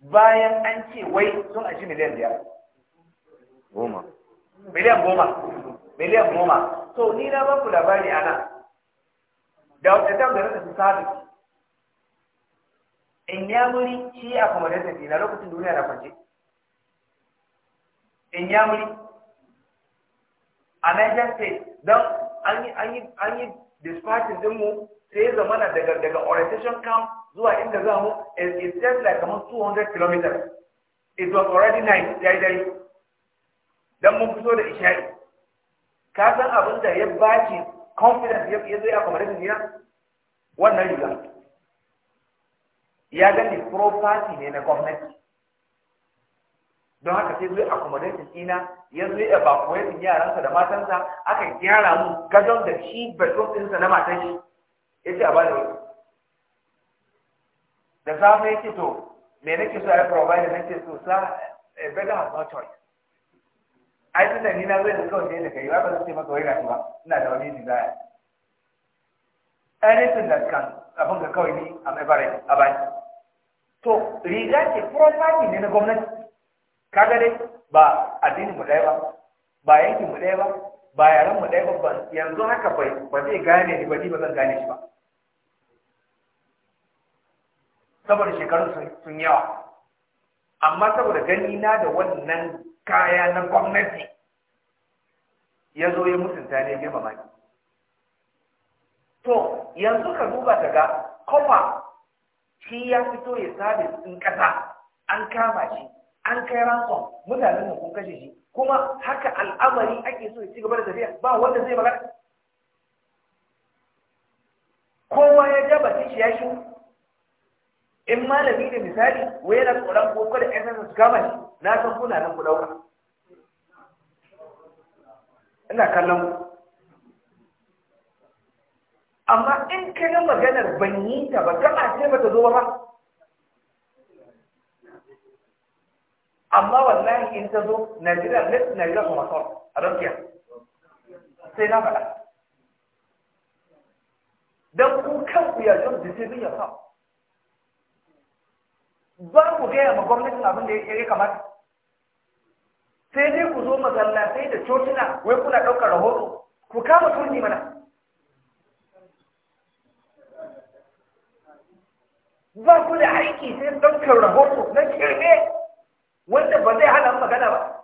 bayan an ce wai sun aji miliyan biyar goma miliyan goma miliyan goma so ni na ba ku labari ana da wata tambayar da su sabis in ya muri shi a kuma da na lokacin duniya na kwance in ya muri a Niger State don an yi din mu sai ya zamana daga daga orientation camp zuwa inda za mu is just like kamar 200 kilometers it was already night dai dai dan mun fito da ishari ka san abin da ya baki confidence ya zo ya kamar da wannan riga ya gani property ne na gwamnati don haka sai zai accommodation ina ya zo ya evacuating yaransa da matansa aka gyara mu gadon da shi bedroom ɗinsa na matan shi ya ce a ba da wani da safe ya ce to me nake so a provide provider nake so sa a better has no choice ai tun da ni na zai da kawai da kai ba zai ce maka wai gashi ba ina da wani desire anything that can abin ka kawai ni a mai bare a bai. to riga ce furofani ne na gwamnati kaga dai ba addinin mu ɗaya ba ba yankin mu ɗaya ba ba yaran mu ɗaya ba yanzu haka bai ba zai gane ni ba ni ba zan gane shi ba saboda shekarun sun yawa amma saboda gani na da wannan kaya na gwamnati ya zo ya mutunta ne girmama ni to yanzu ka duba daga ga kofa shi ya fito ya sabi in ƙasa an kama shi an kai ransom mutanen mu kun kashe shi kuma haka al'amari ake so ya ci gaba da tafiya ba wanda zai magana kowa ya jaba shi ya shi in malami da misali wai na tsoron koko da ƴan su shi na san kuna nan ku ɗaura. ina kallon ku amma in ka yi maganar ban yi ta ba gaba ce ba ta zo ba amma wallahi in ta zo najeriya na yi kuma masar a rafiya sai na faɗa don ku kanku ya zo da sai ya sa ba ku gaya ma gwamnatin abin da ya kamata sai dai ku zo masallatai da cocina wai kuna ɗaukar rahoto ku kama turni mana ba ku da aiki sai ɗaukar rahoto na kirme wanda ba zai hana magana ba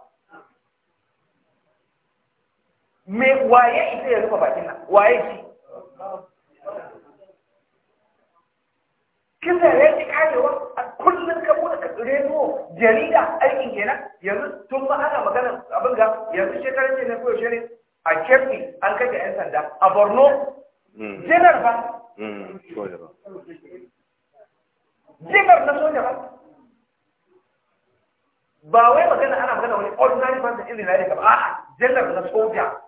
me waye ita ya rufe bakin nan waye shi kin da ya ji karewa a kullum ka bude ka rediyo jarida aikin kenan yanzu tun ba ana magana abin ga yanzu shekarar ne na koyaushe ne a kefi an kaje 'yan sanda a borno hmm. janar hmm. ba jigar na soja ba ba wai magana ana magana wani ordinary man da irin na ba a'a janar na soja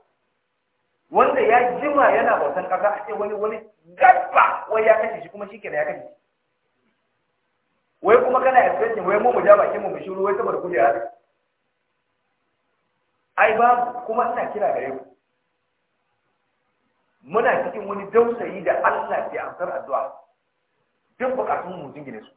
wanda ya jima yana bautan kasa a ce wani wani gaba wai ya kashe shi kuma shi kenan ya kashe shi wai kuma kana expecting wai mu mu ja bakin mu mu shiru wai saboda kudi ya ai ba kuma ina kira gare ku muna cikin wani dausayi da Allah ke amsar addu'a duk bukatun mu jingine su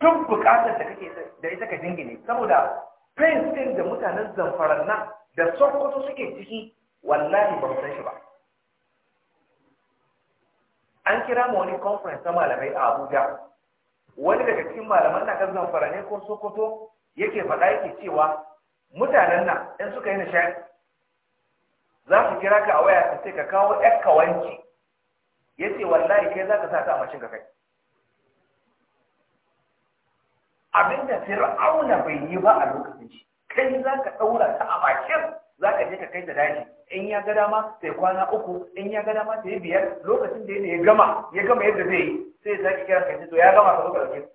duk bukatar da kake da ita ka jingine saboda pain din da mutanen zamfaran nan da sokoto suke ciki wallahi ba san shi ba an kira mu wani conference ta malamai a Abuja wani daga cikin malaman na kan zamfara ne ko Sokoto yake faɗa yake cewa mutanen nan in suka yi nishadi za su kira ka a waya su ce ka kawo ƴar kawanci Yace wallahi kai zaka sa ta a mashin ka kai abinda fir'auna bai yi ba a lokacin shi kai za ka ta a bakin za ka je ka kai da daji in ya ga dama sai kwana uku in ya ga dama sai biyar lokacin da ya gama ya gama yadda zai yi sai ya sake kira kai to ya gama ka zo ka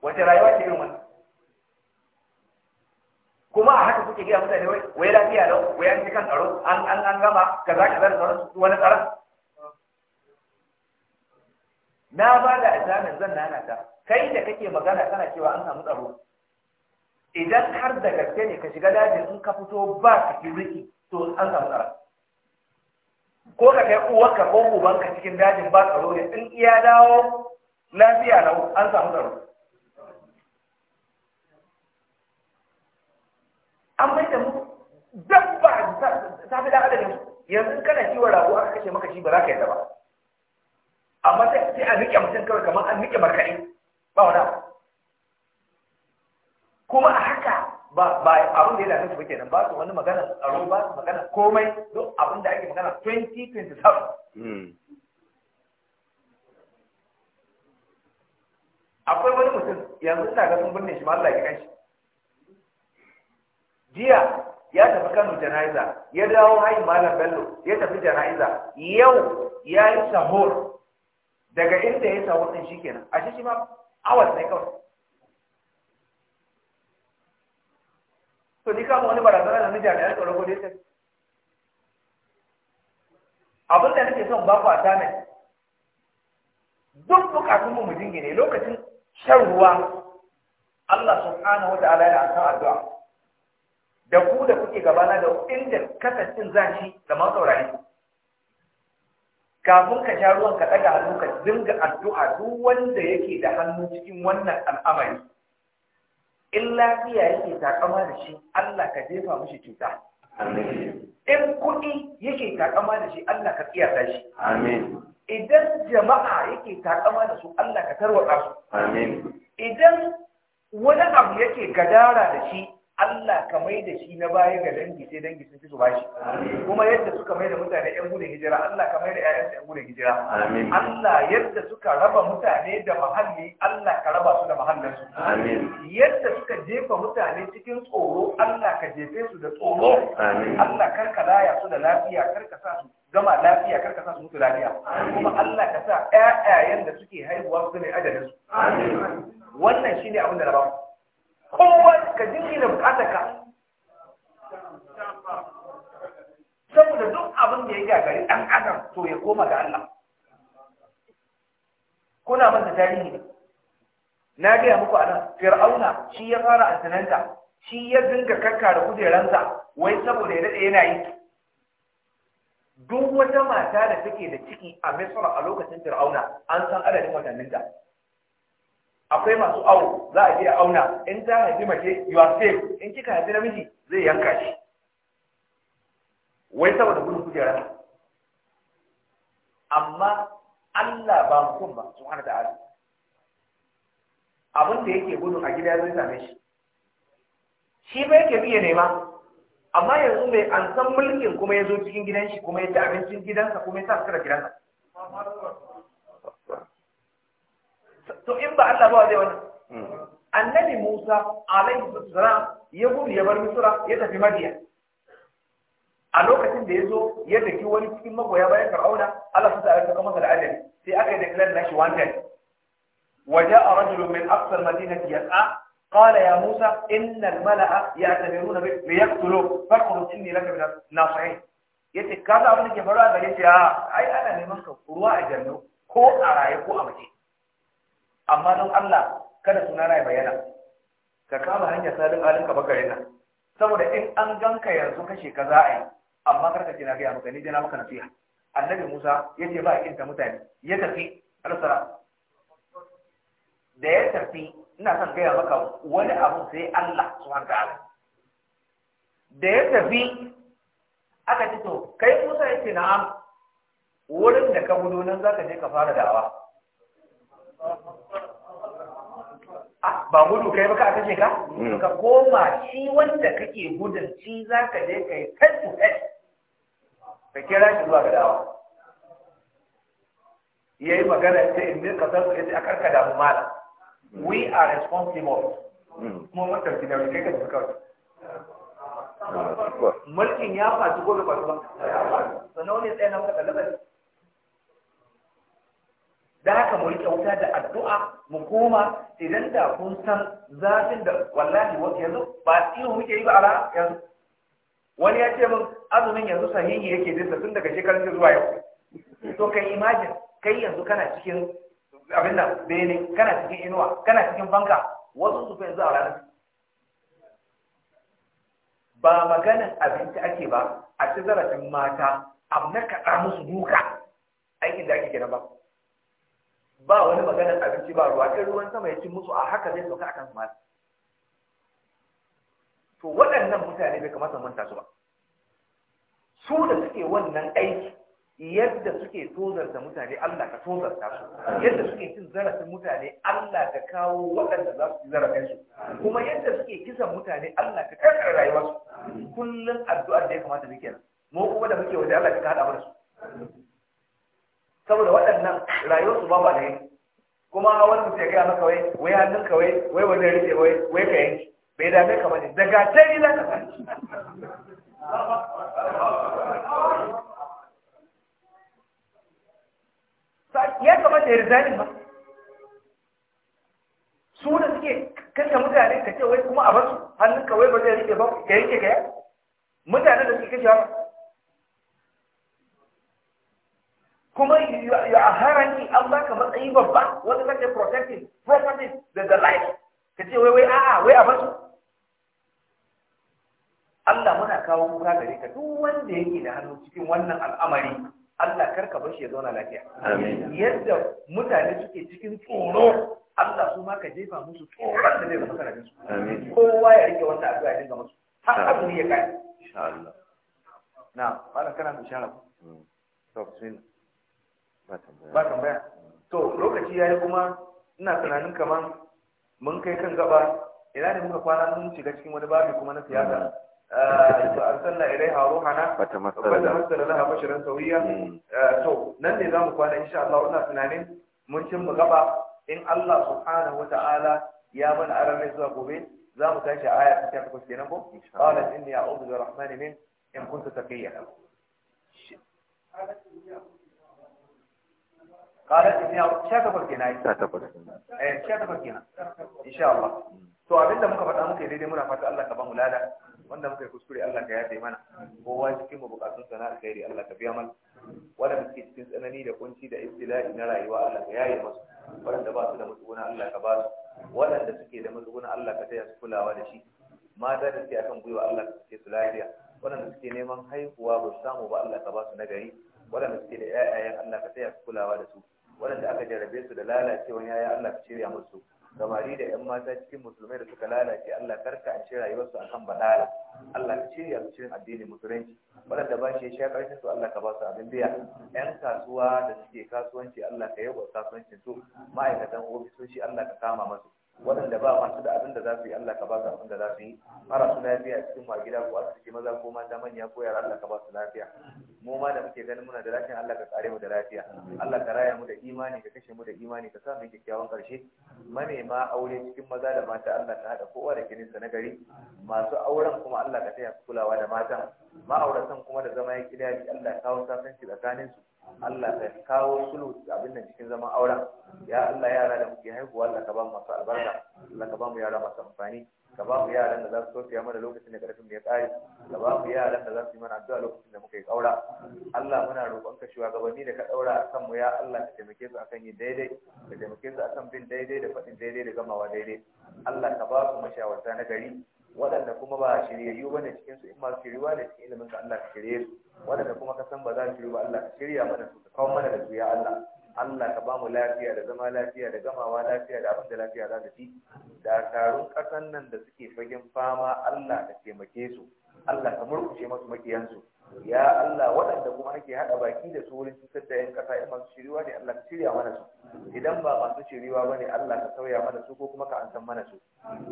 wace rayuwa ce irin wannan kuma a haka kuke gaya mutane wai wai lafiya lau wai an ji kan tsaro an an an gama kaza kaza da sauran wani tsaron na ba da izanin zan nana ta kai da kake magana kana cewa an samu tsaro idan har da gaske ne ka shiga dajin in ka fito ba security to an samu tsaro ko ka kai uwarka ko ubanka cikin dajin ba tsaro ne in iya dawo lafiya lau an samu tsaro an mai da mu dabba ta fi dan adadin yanzu kana ciwon rago aka kashe maka shi ba za ka yadda ba amma sai a rike mutum kawai kamar an rike markaɗe ba wa kuma a haka ba ba abin da ya dame su ba kenan ba su wani magana a ruwa ba su magana komai duk abin da ake magana 2027 hmm. akwai wani mutum yanzu ina ga sun binne shi ma Allah ya kanshi jiya ya tafi Kano janaiza ya dawo hayin malam Bello ya tafi janaiza yau ya yi sahur daga inda ya sahur din kenan, a shi ma awas ne kawai to ni kama wani barazana da ya tsoro ko dai abin da nake son baku a tana duk bukatun mu mu jingine lokacin shan ruwa Allah subhanahu wa ta'ala ya ta'addu'a da ku da kuke gabana da inda kasashen zashi da ma saurari kafin ka sha ruwan ka ɗaga hannu ka dinga addu'a duk wanda yake da hannu cikin wannan al'amari in lafiya yake takama da shi Allah ka jefa mishi cuta in kuɗi yake takama da shi Allah ka tsiyata shi idan jama'a yake takama da su Allah ka tarwatsa su idan wani abu yake gadara da shi Allah ka mai da shi na baya ga dangi sai dangi sun fi su bashi kuma yadda suka mai da mutane yan gudun hijira Allah ka mai da ƴaƴan yan gudun hijira Allah yadda suka raba mutane da mahalli Allah ka raba su da mahallin su yadda suka jefa mutane cikin tsoro Allah ka jefe su da tsoro Allah kar ka laya su da lafiya kar ka sa su gama lafiya kar ka sa su mutu lafiya kuma Allah ka sa ƴaƴayen da suke haihuwa su ne adadin su wannan shine abin da na ba kowai ka jinki da bukatar ka saboda duk abin da ya gagari ɗan adam to ya koma ga Allah kuna manta tarihi ne na gaya muku a nan, fir'auna shi ya fara antananta shi ya dinga kakkara da kujeransa wai saboda ya daɗe yana yi duk wata mata da take da ciki a misra a lokacin fir'auna an san adadin watanninta akwai masu awo za a je a auna in ta haifi mace you are safe in kika haifi namiji zai yanka shi wai saboda gudun kujera amma Allah ba mu kun ba da ta'ala abin da yake gudu a gida zai same shi shi ba yake biye nema amma yanzu mai an san mulkin kuma ya zo cikin gidan shi kuma ya ci abincin gidansa kuma ya sa suka da gidansa to in ba Allah ba zai wannan annabi Musa alaihi salam ya gudu ya bar Misra ya tafi Madiya a lokacin da ya zo ya daki wani cikin magoya bayan Fir'auna Allah sun ta'ala ta masa da ajali sai aka yi declare nashi wanted وجاء رجل من أقصى المدينة يسعى قال يا موسى إن الملأ يعتبرون بك ليقتلوك فاخرج إني لك من الناصحين yace ka za abin da ke faruwa gare shi a ai ana neman ka ruwa a jannu ko a raye ko a mace amma don Allah kada suna ya bayyana ka kama hanyar sadin alin ka bakare na saboda in an ganka yanzu kashe ka za a yi amma kar ka ce na gaya maka ni dai na maka nasiha annabi Musa ya ce ba kinta mutane ya tafi alsara da ya tafi ina son gaya maka wani abu sai Allah subhanahu ta'ala da ya tafi aka ce to kai Musa ya na'am wurin da ka gudu nan zaka je ka fara da'awa ba gudu kai ba ka kashe ka hmm. ka koma shi wanda kake gudun shi za ka je ka yi head to head ka kira shi zuwa ga dawa ya yi magana ta inda ka zan ya ce a karka damu mala hmm. we are responsible hmm. kuma wata tafi da kai ka tafi kawai ah, mulkin ya fasu gobe ba sannan wani tsaye na maka talabar da haka mu wuta da addu'a mu koma idan da kun san zafin da wallahi wata yanzu ba tsiro muke yi ba ala yanzu wani ya ce min azumin yanzu sahihi yake dinsa tun daga shekarun da zuwa yau to kai imagine kai yanzu kana cikin abin da bene kana cikin inuwa kana cikin banka wasu su fa yanzu a ranar ba maganan abinci ake ba a ci zarafin mata amma ka musu duka aikin da ake kenan ba ba wani maganar abinci ba ruwa ɗin ruwan sama ya ci musu a haka zai sauka akan su mali to waɗannan mutane bai kamata manta su ba su da suke wannan aiki yadda suke tozarta mutane Allah ka tozarta su yadda suke cin zarafin mutane Allah ka kawo waɗanda za su ci zarafin su kuma yadda suke kisan mutane Allah ka karkar rayuwar su kullum addu'ar da ya kamata muke mu kuma da muke waje Allah ka haɗa mana su saboda waɗannan rayuwarsu ba ba ne yi kuma wani mutum ya gaya maka wai wai hannun ka wai wai wani rike wai wai ka yanki bai dame ka bane daga yi za ka sani ya kamata ya rizalin ba su da suke kashe mutane ka ce wai kuma a basu hannun ka wai ba zai rike ba ka yanke ka ya mutane da suke kashe kuma you a harani an ka matsayi babba wanda kake protecting property da the life ka ce wai wai a'a wai a masu. Allah muna kawo kuka gare ka duk wanda yake da hannu cikin wannan al'amari Allah ka bar shi ya zauna lafiya yadda mutane suke cikin tsoro Allah su ma ka jefa musu tsoron da zai zama sanadin su kowa ya rike wannan addu'a ya dinga musu har yi ya kai insha Allah na kana bishara ku hmm. to bismillah ba tambaya to lokaci yayi kuma ina tunanin kaman mun kai kan gaba ina ne muka kwana mun shiga cikin wani babi kuma na siyasa ba mm. ah, arsalna ilaiha ruhana ba ta masala laha shirin sauriya mm. ah, to nan ne zamu kwana insha Allah ina tunanin mun cin mu gaba in Allah subhanahu wata'ala ya bani arame zuwa gobe za mu tashi aya ta kusa kenan ko qala inni a'udhu bi rahmani min in kunta you. قالت ابن عبد sha takwas kenan sha takwas eh sha takwas kenan insha Allah to abinda muka faɗa muke daidai muna fata Allah ka ba mu lada wanda muka kuskure Allah ka yafe mana kowa cikin mu bukatun sana alkhairi Allah ka biya mana wanda muke cikin tsanani da kunci da ibtila'i na rayuwa Allah ka yaye masu wanda ba su da matsuguna Allah ka ba su waɗanda suke da matsuguna Allah ka taya su kulawa da shi mata da suke akan gwiwa Allah ka suke su lafiya waɗanda suke neman haihuwa ba su samu ba Allah ka ba su nagari waɗanda suke da 'ya'yayen Allah ka taya su kulawa da su waɗanda aka jarabe su da lalacewa yaya Allah ka shirya musu samari da yan mata cikin musulmai da suka lalace Allah karka a shirya rayuwarsu akan badala Allah ka shirya su cikin addinin musulunci waɗanda ba shi ya karshen su Allah ka ba su abin biya yan kasuwa da suke kasuwanci Allah ka yi wa kasuwancin su ma'aikatan ofisoshi Allah ka kama masu waɗanda ba masu da abin da za su yi Allah ka ba su abin da za su yi mara su lafiya a cikin gida ko asibiti maza ko mata manya ko yara Allah ka ba su lafiya mu ma da muke ganin muna da lafiya Allah ka kare mu da lafiya Allah ka raya mu da imani ka kashe mu da imani ka sa mu kyakkyawan karshe ma aure cikin maza da mata Allah ka hada kowa da kinin sa na gari masu auren kuma Allah ka taya kulawa da matan ma'auratan kuma da zama ya kidari Allah ka kawo tsakanin su Allah ka kawo sulhu abin nan cikin zaman auren ya Allah yara da muke haihuwa Allah ka ba mu masu albarka Allah ka ba mu yara masu amfani ka ba mu yaran da za su tausaya mana lokacin da karfin mu ya kare ka ba mu yaran da za su yi mana addu'a lokacin da muka yi kaura Allah muna roƙon ka shugabanni da ka daura a mu. ya Allah ka taimake su akan yin daidai ka taimake su akan bin daidai da faɗin daidai da gamawa daidai Allah ka ba su mashawarta na gari waɗanda kuma ba shiryayyu ba ne cikinsu in masu shiryuwa ne cikin ilimin ka Allah ka shirye su waɗanda kuma ka san ba za su shiryu ba Allah ka shirya mana su ka kawo mana da su ya Allah Allah ka ba mu lafiya da zama lafiya da gamawa lafiya da abin da lafiya za ta ci da karun ƙasan nan da suke fagen fama Allah ka taimake su Allah ka murkushe masu makiyansu ya Allah waɗanda kuma ake haɗa baki da su wurin cutar da 'yan ƙasa in masu shiriwa ne Allah ka shirya mana su idan ba masu shiriwa ba ne Allah ka sauya mana su ko kuma ka ansan mana su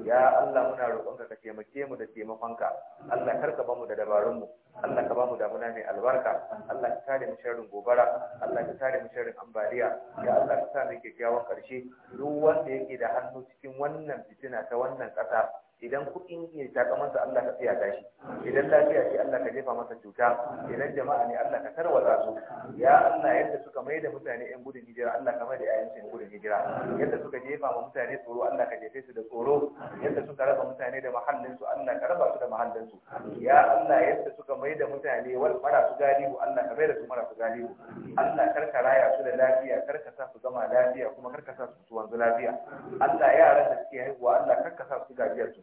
ya Allah muna roƙonka ka taimake mu da taimakonka Allah kar ka bamu da dabarun mu Allah ka bamu damuna mai albarka Allah ka tare mu sharrin gobara Allah ka tare mu sharrin ambaliya ya Allah ka sa mu kyakkyawan ƙarshe duk wanda yake da hannu cikin wannan fitina ta wannan ƙasa idan kuɗi ne masa Allah ka tsaya tashi idan lafiya ce Allah ka jefa masa cuta idan jama'a ne Allah ka tarwata su ya Allah yadda suka mai da mutane yan gudun hijira Allah ka mai da yayin su gudun hijira yadda suka jefa ma mutane tsoro Allah ka jefe su da tsoro yadda suka raba mutane da mahallin su Allah ka raba su da mahallin su ya Allah yadda suka mai da mutane wal mara su galibu Allah ka mai da su mara su galibu Allah karka raya su da lafiya karka sa su gama lafiya kuma karka sa su wanzu lafiya Allah yaran da suke haihuwa Allah karka sa su gajiyar su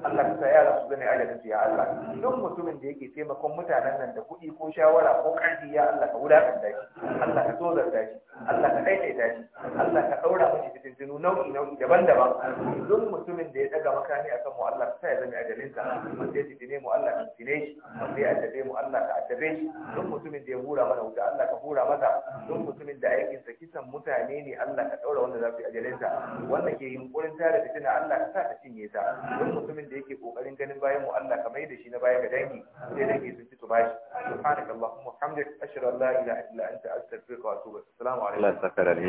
Allah ka sa yara su zane ajalin ya Allah duk mutumin da yake taimakon mutanen nan da kuɗi ko shawara ko ƙarfi ya Allah ka kan daji, Allah ka tozar da Allah ka daidaita daji, Allah ka ɗaura mashi jinu nau'i nau'i daban-daban duk mutumin da ya ɗaga makami a kanmu Allah ka sa ya zame ajalin sa wanda ya fitine mu Allah ka fitine shi wanda ya addabe mu Allah ka addabe shi duk mutumin da ya hura mana wuta Allah ka hura masa duk mutumin da aikinsa kisan mutane ne Allah ka ɗaura wanda za su yi ajalin sa wanda ke yunkurin tare fitina Allah ka sa ta cinye ta duk mutumin mutumin da yake kokarin ganin bayan mu Allah ka mai shi na baya ga dangi sai dangi sun ci su bashi subhanakallahumma hamdaka ashhadu an la ilaha illa anta astaghfiruka wa atubu ilaik assalamu alaikum